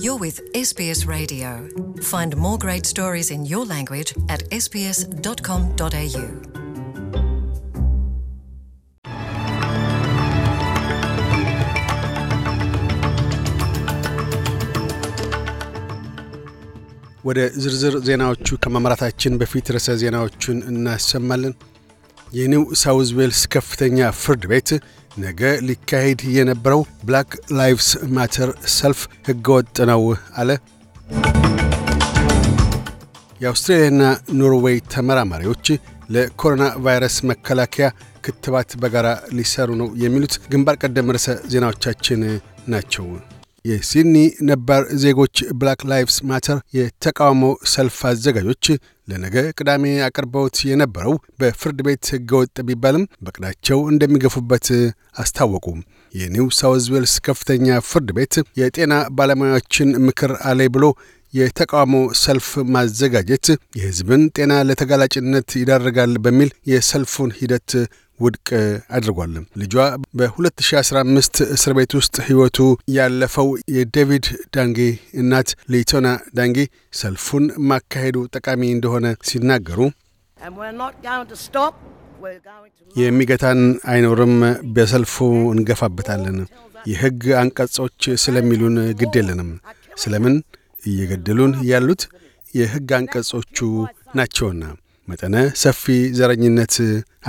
You're with SBS Radio. Find more great stories in your language at sbs.com.au. ወደ ዝርዝር ዜናዎቹ ከማምራታችን በፊት ርዕሰ ዜናዎቹን እናሰማለን። የኒው ሳውዝ ዌልስ ከፍተኛ ፍርድ ቤት ነገ ሊካሄድ የነበረው ብላክ ላይቭስ ማተር ሰልፍ ህገወጥ ነው አለ። የአውስትራሊያና ኖርዌይ ተመራማሪዎች ለኮሮና ቫይረስ መከላከያ ክትባት በጋራ ሊሰሩ ነው የሚሉት ግንባር ቀደም ርዕሰ ዜናዎቻችን ናቸው። የሲድኒ ነባር ዜጎች ብላክ ላይቭስ ማተር የተቃውሞ ሰልፍ አዘጋጆች ለነገ ቅዳሜ አቅርበውት የነበረው በፍርድ ቤት ህገወጥ ቢባልም በቅዳቸው እንደሚገፉበት አስታወቁ። የኒው ሳውዝ ዌልስ ከፍተኛ ፍርድ ቤት የጤና ባለሙያዎችን ምክር አለይ ብሎ የተቃውሞ ሰልፍ ማዘጋጀት የህዝብን ጤና ለተጋላጭነት ይዳርጋል በሚል የሰልፉን ሂደት ውድቅ አድርጓል። ልጇ በ2015 እስር ቤት ውስጥ ሕይወቱ ያለፈው የዴቪድ ዳንጌ እናት ሌቶና ዳንጌ ሰልፉን ማካሄዱ ጠቃሚ እንደሆነ ሲናገሩ የሚገታን አይኖርም፣ በሰልፉ እንገፋበታለን። የሕግ አንቀጾች ስለሚሉን ግድ የለንም። ስለምን እየገደሉን ያሉት የሕግ አንቀጾቹ ናቸውና። መጠነ ሰፊ ዘረኝነት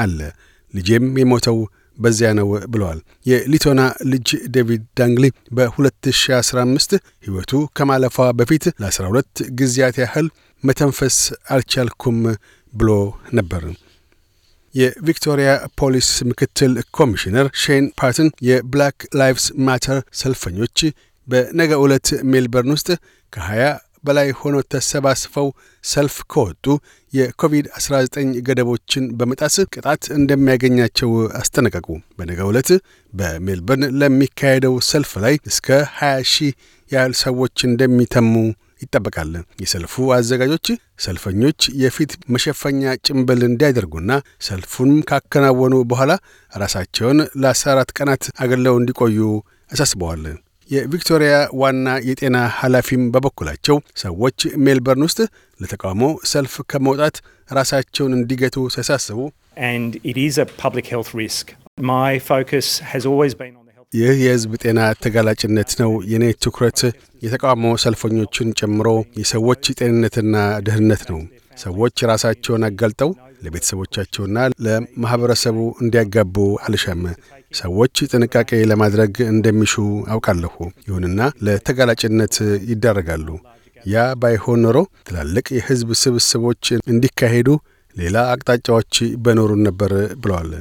አለ። ልጄም የሞተው በዚያ ነው ብለዋል። የሊቶና ልጅ ዴቪድ ዳንግሊ በ2015 ሕይወቱ ከማለፏ በፊት ለ12 ጊዜያት ያህል መተንፈስ አልቻልኩም ብሎ ነበር። የቪክቶሪያ ፖሊስ ምክትል ኮሚሽነር ሼን ፓትን የብላክ ላይቭስ ማተር ሰልፈኞች በነገ ዕለት ሜልበርን ውስጥ ከ20 በላይ ሆኖ ተሰባስበው ሰልፍ ከወጡ የኮቪድ-19 ገደቦችን በመጣስ ቅጣት እንደሚያገኛቸው አስጠነቀቁ። በነገ ዕለት በሜልበርን ለሚካሄደው ሰልፍ ላይ እስከ 20 ሺህ ያህል ሰዎች እንደሚተሙ ይጠበቃል። የሰልፉ አዘጋጆች ሰልፈኞች የፊት መሸፈኛ ጭንብል እንዲያደርጉና ሰልፉን ካከናወኑ በኋላ ራሳቸውን ለ14 ቀናት አገለው እንዲቆዩ አሳስበዋል። የቪክቶሪያ ዋና የጤና ኃላፊም በበኩላቸው ሰዎች ሜልበርን ውስጥ ለተቃውሞ ሰልፍ ከመውጣት ራሳቸውን እንዲገቱ ሲያሳስቡ ይህ የህዝብ ጤና ተጋላጭነት ነው። የእኔ ትኩረት የተቃውሞ ሰልፈኞቹን ጨምሮ የሰዎች ጤንነትና ደህንነት ነው። ሰዎች ራሳቸውን አጋልጠው ለቤተሰቦቻቸውና ለማኅበረሰቡ እንዲያጋቡ አልሻም። ሰዎች ጥንቃቄ ለማድረግ እንደሚሹ አውቃለሁ። ይሁንና ለተጋላጭነት ይዳረጋሉ። ያ ባይሆን ኖሮ ትላልቅ የሕዝብ ስብስቦች እንዲካሄዱ ሌላ አቅጣጫዎች በኖሩን ነበር ብለዋል።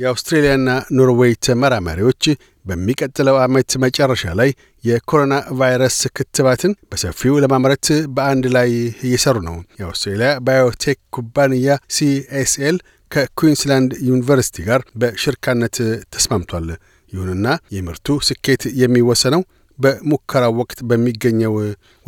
የአውስትሬልያና ኖርዌይ ተመራማሪዎች በሚቀጥለው ዓመት መጨረሻ ላይ የኮሮና ቫይረስ ክትባትን በሰፊው ለማምረት በአንድ ላይ እየሰሩ ነው። የአውስትሬልያ ባዮቴክ ኩባንያ ሲኤስኤል ከኩዊንስላንድ ዩኒቨርሲቲ ጋር በሽርካነት ተስማምቷል። ይሁንና የምርቱ ስኬት የሚወሰነው በሙከራው ወቅት በሚገኘው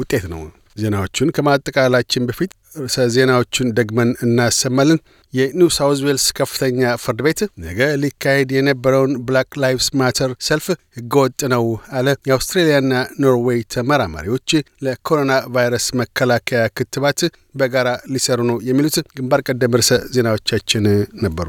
ውጤት ነው። ዜናዎቹን ከማጠቃላችን በፊት ርዕሰ ዜናዎቹን ደግመን እናሰማለን። የኒው ሳውዝ ዌልስ ከፍተኛ ፍርድ ቤት ነገ ሊካሄድ የነበረውን ብላክ ላይቭስ ማተር ሰልፍ ህገወጥ ነው አለ። የአውስትሬልያና ኖርዌይ ተመራማሪዎች ለኮሮና ቫይረስ መከላከያ ክትባት በጋራ ሊሰሩ ነው። የሚሉት ግንባር ቀደም ርዕሰ ዜናዎቻችን ነበሩ።